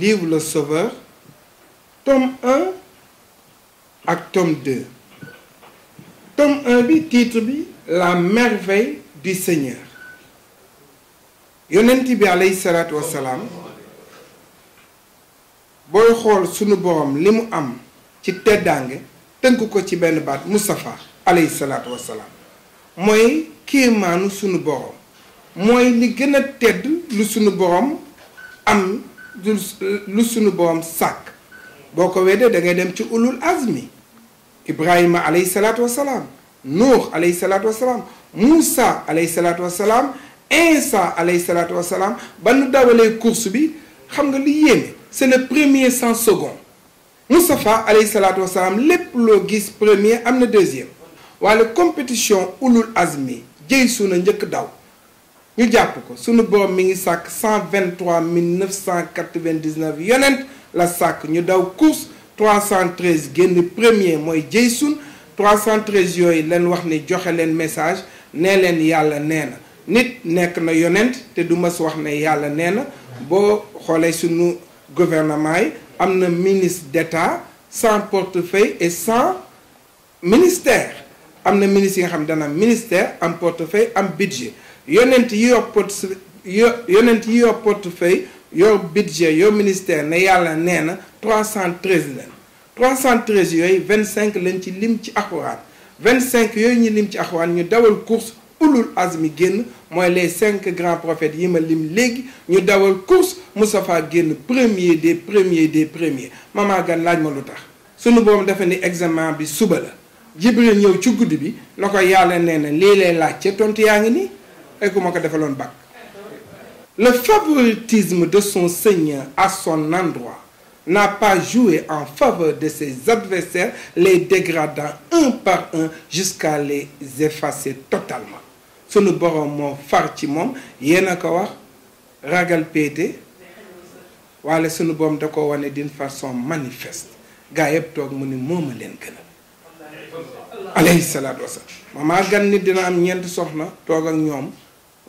Livre le Sauveur, tome 1 et tome 2. Tome 1 bi titre bi La merveille du Seigneur. Yonenti bi alayhi salaatu wasalaam Boy xool sunu borom limu am ci teddaange tënk ko ci ben bat Moustapha alayhi salaatu qui Moy kéemaanu sunu borom Moy li gëna a tedd lu sunu borom am lu sunu borom sàkk boko ko da ngay dem ci ulul azmi ibrahima alayhi salatu wassalam nuux alayhi salatu wassalam Musa alayhi salatu wassalam isa alayhi salatu wassalam ba nu dawalee course bi xam nga li c'est le premier sans second Moustapha alayhi salatu wassalam lepp lo gis premier am deuxième wala compétition ulul azmi jëy suuna njëkk daw nous jàpp sunu nous mi ngi sàkk 123 yonent la SAC nous daw 313, premier moi 313, yoy, l'en message nous l'en nit nek na yonent te du ne Bo sunu gouvernement ministre d'état sans portefeuille et sans ministère Amne ministre ministère am portefeuille am budget yonent yi yor portefeuille yo yonent yi yor portefeuille yor budget yor ministère ne yàlla nee na 313 lañ 313 yooyu cinq lañ ci lim ci vingt cinq yooyu ñu lim ci alxuraan ñu dawal course ulul azmi génn mooy les cinq grands prophètes yi ma lim léegi ñu dawal course Moustapha génn premier des premiers des premiers ma gan laaj ma lu tax sunu boobu dafa ni examen bi suba la Jibril ñëw ci guddi bi na ko yàlla nee na lii lay laaj tontu yaa ngi nii bac le favoritisme de son seigneur à son endroit n'a pas joué en faveur de ses adversaires, les dégradant un par un jusqu'à les effacer totalement. sunu borom mo far ci moom a ko wax ragal pété wala sunu borom dako ko wane d'une façon manifeste gaa tok toog mu ni mooma leen gënal alayhi Ma wasalaam gan nit dina am ñent soxna toog ak ñom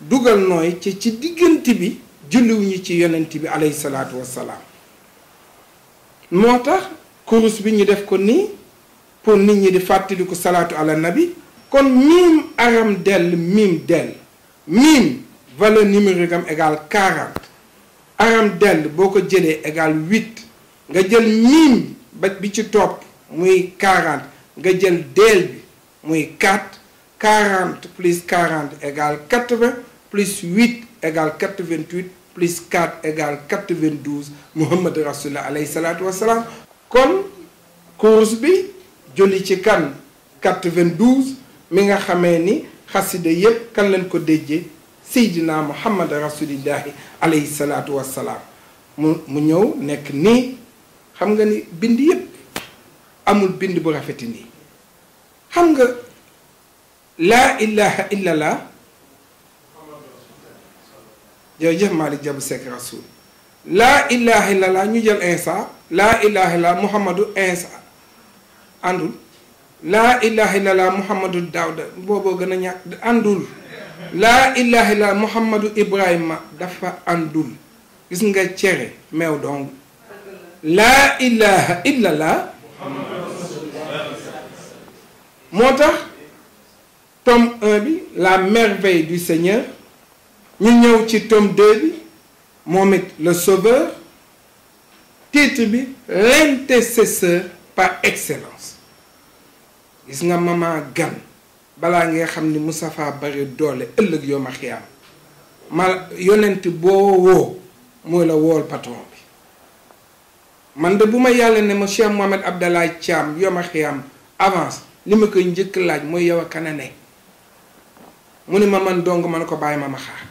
dugal nooy ci ci diggante bi julliwuñu ci yonent bi alayhi salaatu wassalaam moo tax kurus bi ñu def ko nii pour nit ñi di fàttaliku salaatu ala nabi kon miim aram dell miim dell miim valeur numérique am égal 40 aram dell boo ko jëlee égal 8 nga jël miim ba bi ci topp muy 40 nga jël dell bi muy 4 40 plus 40 égale 80, plus 8 égale 88, plus 4 égale 92 Muhammad Rasulallah alayhi salatu wa Comme Comme, course bi joli ci 92 Minga Khameni, xamee ni xasida yépp kan Mohamed ko alay Seydina Muhammad alayhi salatu wa salaam mu mu ñëw nekk amul bind bu لا إله إلا الله جاي مالك جاب سك رسول لا إله إلا الله نجل إنسا لا إله إلا محمد إنسا أندول لا إله إلا الله محمد داود بوبو غنا نياك أندول لا إله إلا محمد إبراهيم دفا أندول gis nga cere mew dong la ilaha illa la motax tome 1 bi la merveille du Seigneur ñu ñëw ci tome 2 bi moom le sauveur titre bi l'intercesseur par excellence gis nga mama gan balaa ngay xam ni Moustapha bari doole ëllëg yoo ma xiyaam ma yonent boo woo mooy la wool patron bi man de buma yalla ne ma Cheikh Mohamed Abdallah Cham yo ma xiyam avance limako ma laaj moy yow kanane muné ma man dong man ko baye ma ma xaar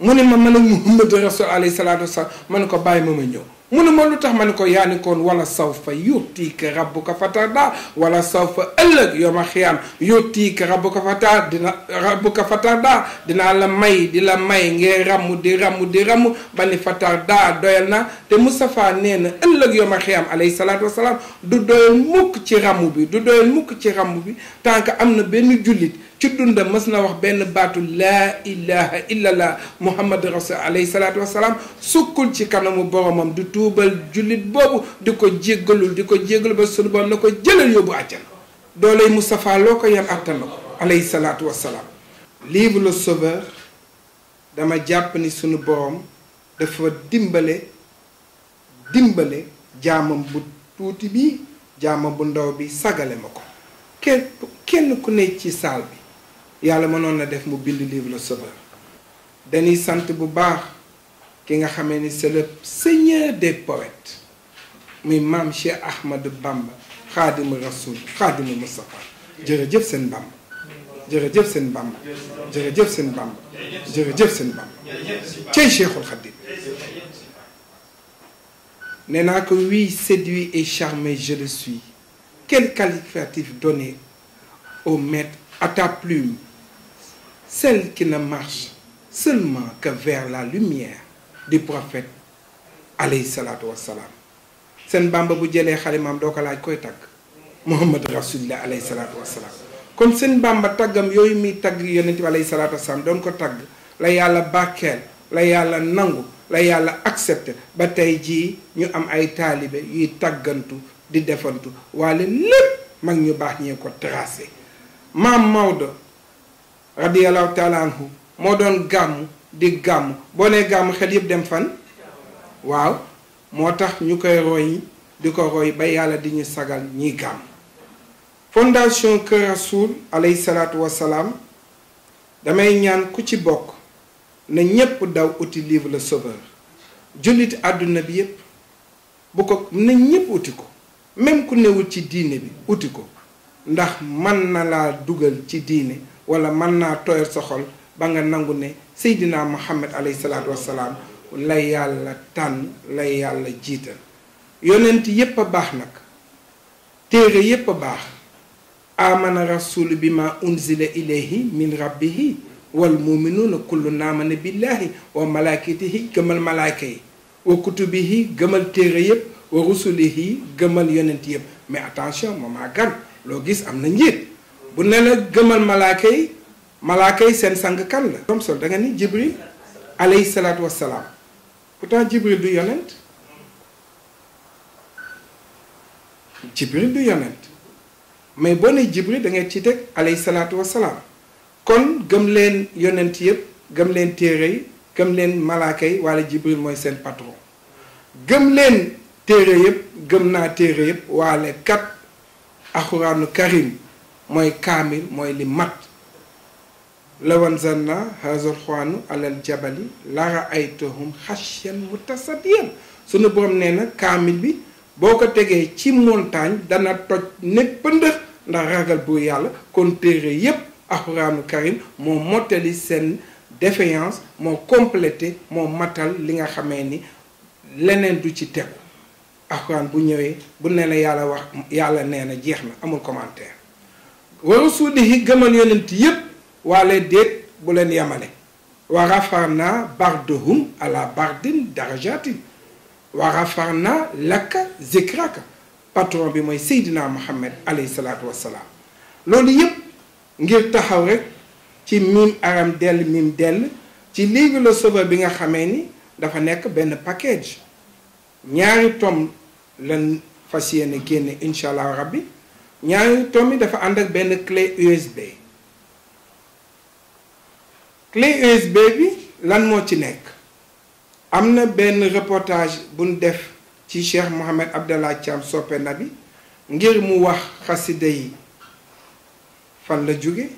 muné ma man muhammad rasul allah salaatu wasalaam ma ne ko baye ma ma ñëw muné ne ma lu tax ko yaa kon wala sawfa yutika rabbuka fatada wala sawfa fa ëllëg khiyam yutika rabbuka fatada dina rabbuka fatada dina la may di la may nge ramu di ramu di ramu bani fatada doyalna te mustafa neena na ëllëg khiyam alayhi salatu wasalaam du doyal mukk ci ramu bi du doyal mukk ci ramu bi tant amna ben julit ci dundam mas na wax benn baatu laa ilaha illallah muhammad rasul alayhi salaatu wasalaam sukkul ci kanamu boromam du tuubal jullit boobu di ko jéggalul di ko jéggalu ba sunu borom na ko jëlal yóbbu àjjana dooley Moustapha loo ko yan àttan ko alayhi salaatu wasalaam livre le sauveur dama jàpp ni sunu borom dafa dimbale dimbale jaamam bu tuuti bi jaamam bu ndaw bi sagale ma ko kenn kenn ku ne ci saal bi yalla mënoon na def mu bind livre Sauveur dañuy sant bu baax ki nga xamee ni c'est le seigneur des poètes Mais maam Cheikh Ahmadou Bamba xaadimu rasul xaadimu Moustapha jërëjëf seen Bamba jërëjëf seen Bamba jërëjëf seen Bamba jërëjëf seen Bamba cey Cheikhul Khadim nee naa ko oui séduit et charmé je le suis quel qualificatif donner au maître à ta plume Sel ki na marche Selman ke ver la lumiye Di profet Aleyhi salat wa salam Sen bamba pou djelye khali mam Dok alay kwe tak Mohamed Rasulila aleyhi salat wa salam Kom sen bamba tagam Yoy mi tag yon eti wa aleyhi salat wa salam Don ko tag Layala bakel Layala nangu Layala aksept Bata yi di Nyo am ay talibe Yi tag gen tou Di defon tou Wale nip Mang nyo bak nyen ko trase Mam mou do radiallahu taala anhu moo doon gàmm di gàmm boo nee gàmm xel yëpp dem fan waaw moo tax ñu koy roy di ko roy ba yàlla di ñu sagal ñiy gàmm fondation Kër Rasoul alayhi salaatu wasalaam damay ñaan ku ci bokk na ñépp daw uti livre le sauveur jullit àdduna bi yépp bu ko na ñépp uti ko même ku newul ci diine bi uti ko ndax mën na laa dugal ci diine wala mën naa tooyal sa xol ba nga nangu ne seydina muhammad alayhi salaatu wassalaam la yàlla tànn la yàlla jiital yonent yépp a baax nag téere yépp a baax amana rasulu bi ma unzila ilayhi min rabbihi wal muminuuna kullun amana billahi wa malaikatihi gëmal malaayka yi wa kutubihi gëmal téere yépp wa rusulihi gëmal yonent yépp mais attention mama gan loo gis am na njiit bu ne la gëmal malaaka yi malaaka seen sang kan la comme sol da nga ni jibril alayhi salaatu wassalaam pourtant jibril du yonent jibril du yonent mais boo ne jibril da ngay ci teg alayhi salaatu wassalaam kon gëm leen yonent yëpp gëm leen téere yi gëm leen malaaka yi wala jibril mooy seen patron gëm leen téere yëpp gëm naa téere yëpp waale kat axuraanu karim mooy kaamil mooy li mat lawan zanna hazal xuwaanu alal jabali lara aytahum xasyan mutasadiyan sunu borom nee na kaamil bi boo ko tegee ci montagne dana toj népp ndëx ndax ragal bu yàlla kon téere yépp alxuraanu karim moo mottali seen défaillance moo complété moo matal li nga xamee ni leneen du ci tegu alxuraan bu ñëwee bu ne yàlla wax yàlla nee na jeex na amul commentaire wa rasulihi gëmal yonent yépp waale déet bu leen yamale wa rafarna bardahum ala bardin darajatin lakka zikraka patron bi mooy Seydina Muhammad alayhi salaatu wassalaam loolu yépp ngir taxaw rek ci miim aram dell miim dell ci léegi la Sauveur bi nga xamee ni dafa nekk benn package ñaari tom lan fas yéene génn incha allah rabbi ñaari tom dafa ànd ak benn clé USB clé USB bi lan moo ci nekk am na benn reportage buñ def ci Cheikh Mohamed Abdallah Thiam soppe na ngir mu wax xasida yi fan la jóge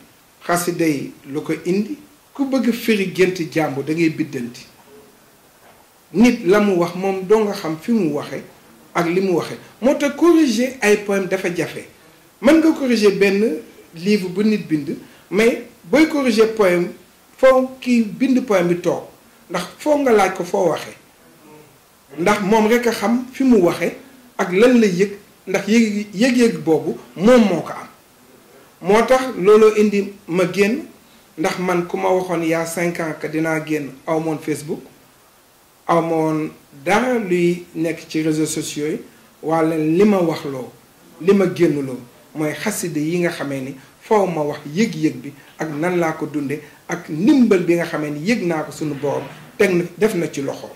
xasida yi lu ko indi ku bëgg firi gént jàmbu da biddanti nit la mu wax moom doo nga xam fi mu waxe ak li mu waxe moo tax corriger ay poème dafa jafe mën nga corriger benn livre bu nit bind mais booy corriger poème foo kii bind poème bi toog ndax foo nga laaj ko foo waxe ndax moom rek a xam fi mu waxe ak lan la yëg ndax yëg yëg-yëg boobu moom moo ko am moo tax looloo indi ma génn ndax man ku ma waxoon yaa cinq ans que dinaa génn aw moon Facebook aw moon dara luy nekk ci réseau sociaux yi walla li ma wax loo li ma génn loo mooy xaside yi nga xamee ni foo ma wax yëg-yëg bi ak nan laa ko dundee ak ndimbal bi nga xamee ni yëg naa ko suñu borom teg def na ci loxo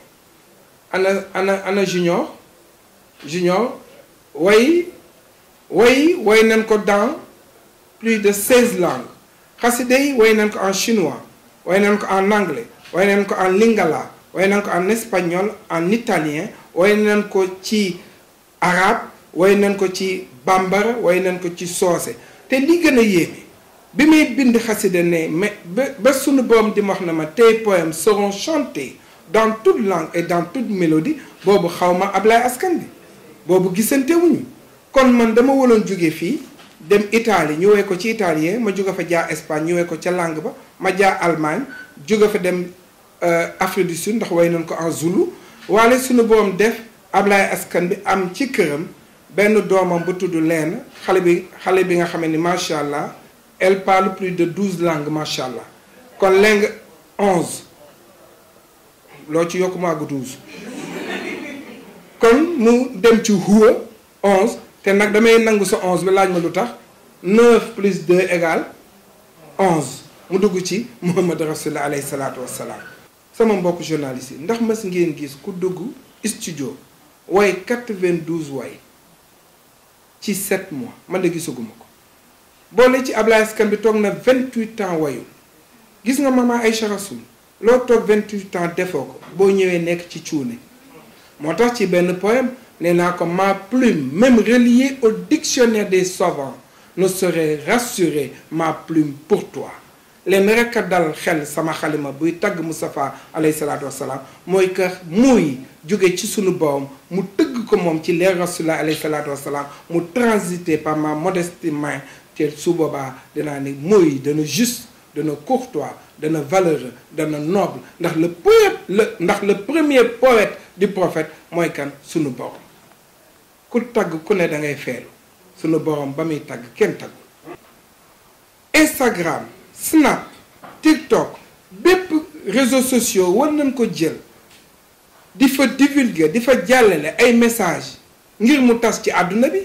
ana ana ana junior junior way way way nañ ko dans plus de seize langues xaside yi way nañ ko en chinois way nañ ko en anglais way nan ko en lingala way nañ ko en espagnol en italien way nañ ko ci arabe way nañ ko ci bambara way nañ ko ci té li gën a bi ne mais ba sunu di wax na poèmes seront chantés dans toute langue et dans toute mélodie Bob xaw ma Ablaye askan bi kon man dama dem Italie ko ci italien ma jóge fa Espagne langue ma Allemagne jóge fa dem euh, Afrique du Sud ndax way nañ en Zoulou def Ablaye askan bi am ci ben doomam bu tudd leen xale bi xale bi nga ni elle parle plus de 12 langues macha allah kon langue 11 loo ci yokk 12 douze kon mu dem ci huwa onze te damay nangu sa onze bi laaj ma lu plus 2 égale onze mu dugg ci alayhi sama journaliste yi ndax mas ngeen gis ku dugg studio way quatre douze way ci sept mois man de gisugumako bo le ci Ablaye Askan bi na 28 ans wayu gis nga maman Aïcha Rasoul lo tok 28 28 ans defoko bo ñewé nek ci poème ma plume même reliée au dictionnaire des savants ne serait rassuré, ma plume pour toi les rek dal xel sama xalima buy tag mustafa alayhi salaatu wasalaam moy ke muy jóge ci sunu boroom mu teug ko mom ci alayhi mu transité par ma modeste main te su boobaa ni ne muy dana juste dana courtois dana valeureux dana noble ndax le poète le ndax le premier poète du prophète moy kan sunu boroom ku tag ku ne da ngay feelu sunu tag ken tag Instagram snap tiktok bépp réseaux sociaux war nañ ko jël di fa divulguer di fa jàllale ay message ngir mu tas ci àdduna bi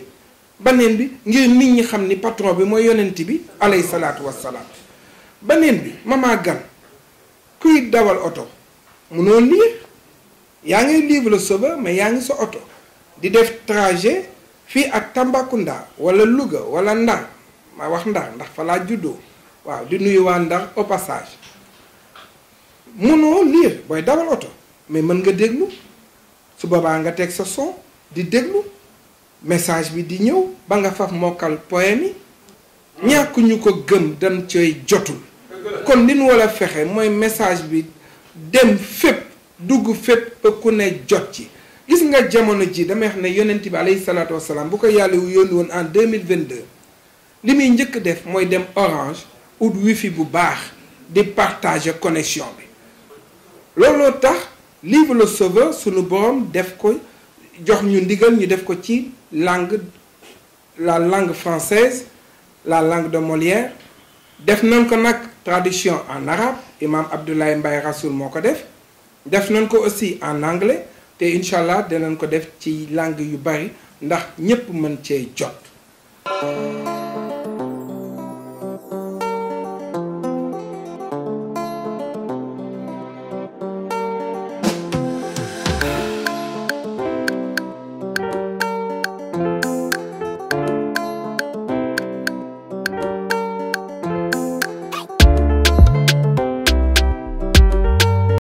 baneen bi ngir nit ñi xam ni patron bi mooy yonent bi alayhi salaatu wassalaam baneen bi mama gan kuy dawal oto munoo lire yaa ngi livre soba mais yaa ngi sa oto di def trajet fii ak Tambacounda walla Louga walla Ndar ma wax Ndar ndax fa laa juddoo waaw di nuyuwaan ndax Ndar au passage mënoo lire booy dawal oto mais mën nga déglu su boobaa nga teg sa son di déglu message bi di ñëw ba nga fa mokkal poème yi ñàkk ñu ko gën dañ cay jotul kon li nu war a fexe mooy message bi dem fépp dugg fépp ba ku ne jot ci gis nga jamono ji damay wax ne yonent bi alayhi salaatu wasalaam bu ko yàlla yoon woon en 2022 li muy njëkk def mooy dem orange du wifi bu baax de partager connexion bi looloo tax livre le sauveur sunu borom def ko jox ñu ndigal ñu def ko ci langue la langue française la langue de Molière def nañ ko nak en arabe imam Abdoulaye Mbaye Rasoul moko def def nañ ko aussi en anglais te inshallah, de ko def ci langue yu bari ndax ñepp mën cee jot